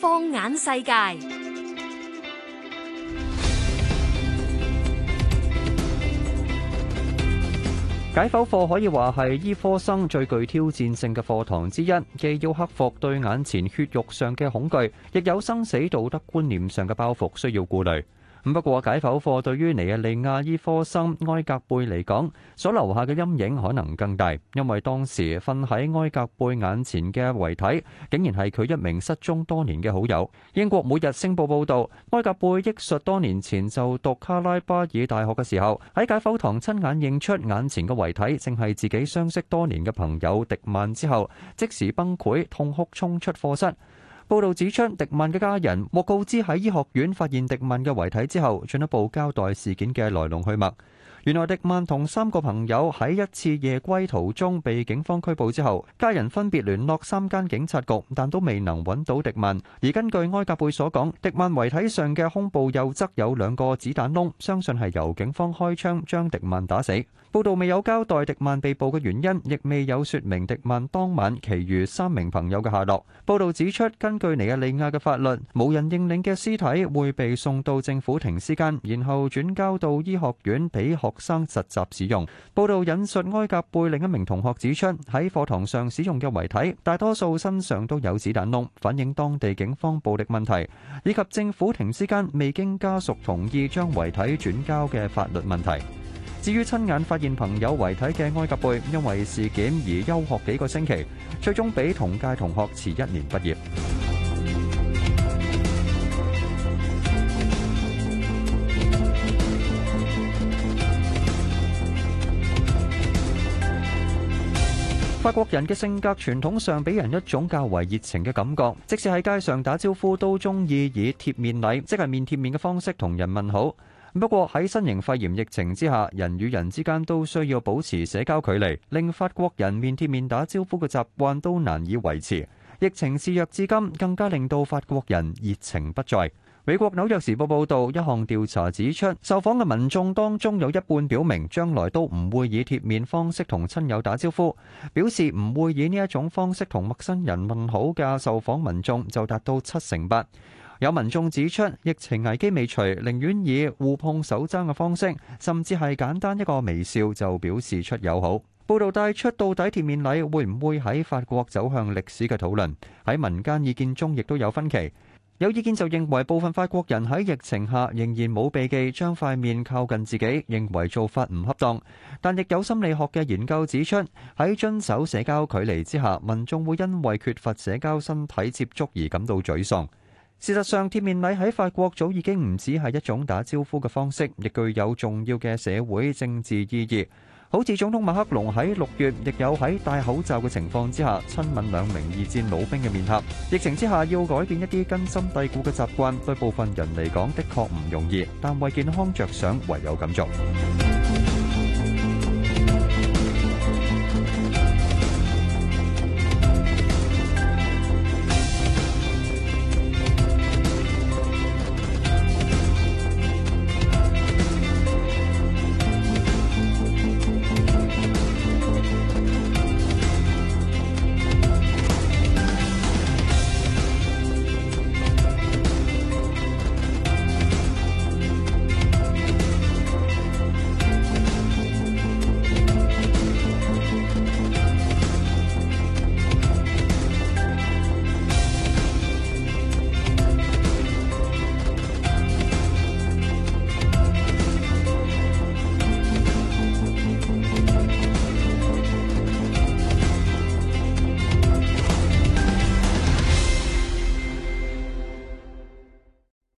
放眼世界，解剖課可以話係醫科生最具挑戰性嘅課堂之一，既要克服對眼前血肉上嘅恐懼，亦有生死道德觀念上嘅包袱需要顧慮。咁不過解剖課對於尼日利亞醫科生埃格貝嚟講，所留下嘅陰影可能更大，因為當時瞓喺埃格貝眼前嘅遺體，竟然係佢一名失蹤多年嘅好友。英國每日星報報導，埃格貝憶述多年前就讀卡拉巴爾大學嘅時候，喺解剖堂親眼認出眼前嘅遺體正係自己相識多年嘅朋友迪曼之後，即時崩潰痛哭，衝出課室。報導指出，迪文嘅家人獲告知喺醫學院發現迪文嘅遺體之後，進一步交代事件嘅來龍去脈。原來迪曼同三個朋友喺一次夜歸途中被警方拘捕之後，家人分別聯絡三間警察局，但都未能揾到迪曼。而根據埃格貝所講，迪曼遺體上嘅胸部右側有兩個子彈窿，相信係由警方開槍將迪曼打死。報道未有交代迪曼被捕嘅原因，亦未有説明迪曼當晚其餘三名朋友嘅下落。報道指出，根據尼日利亞嘅法律，無人認領嘅屍體會被送到政府停屍間，然後轉交到醫學院俾學學生實習使用。報道引述埃格貝另一名同學指出，喺課堂上使用嘅遺體，大多數身上都有子彈窿，反映當地警方暴力問題，以及政府停屍間未經家屬同意將遺體轉交嘅法律問題。至於親眼發現朋友遺體嘅埃格貝，因為事件而休學幾個星期，最終比同屆同學遲一年畢業。法國人嘅性格傳統上俾人一種較為熱情嘅感覺，即使喺街上打招呼都中意以貼面禮，即係面貼面嘅方式同人問好。不過喺新型肺炎疫情之下，人與人之間都需要保持社交距離，令法國人面貼面打招呼嘅習慣都難以維持。疫情肆虐至今，更加令到法國人熱情不再。美國紐約時報報導，一項調查指出，受訪嘅民眾當中有一半表明將來都唔會以貼面方式同親友打招呼，表示唔會以呢一種方式同陌生人問好嘅受訪民眾就達到七成八。有民眾指出，疫情危機未除，寧願以互碰手踭嘅方式，甚至係簡單一個微笑就表示出友好。報道帶出到底貼面禮會唔會喺法國走向歷史嘅討論，喺民間意見中亦都有分歧。有意見就認為部分法國人喺疫情下仍然冇避忌將塊面靠近自己，認為做法唔恰當。但亦有心理學嘅研究指出，喺遵守社交距離之下，民眾會因為缺乏社交身體接觸而感到沮喪。事實上，貼面禮喺法國早已經唔止係一種打招呼嘅方式，亦具有重要嘅社會政治意義。好似總統馬克龍喺六月亦有喺戴口罩嘅情況之下親吻兩名二戰老兵嘅面頰。疫情之下要改變一啲根深蒂固嘅習慣，對部分人嚟講，的確唔容易。但為健康着想，唯有咁做。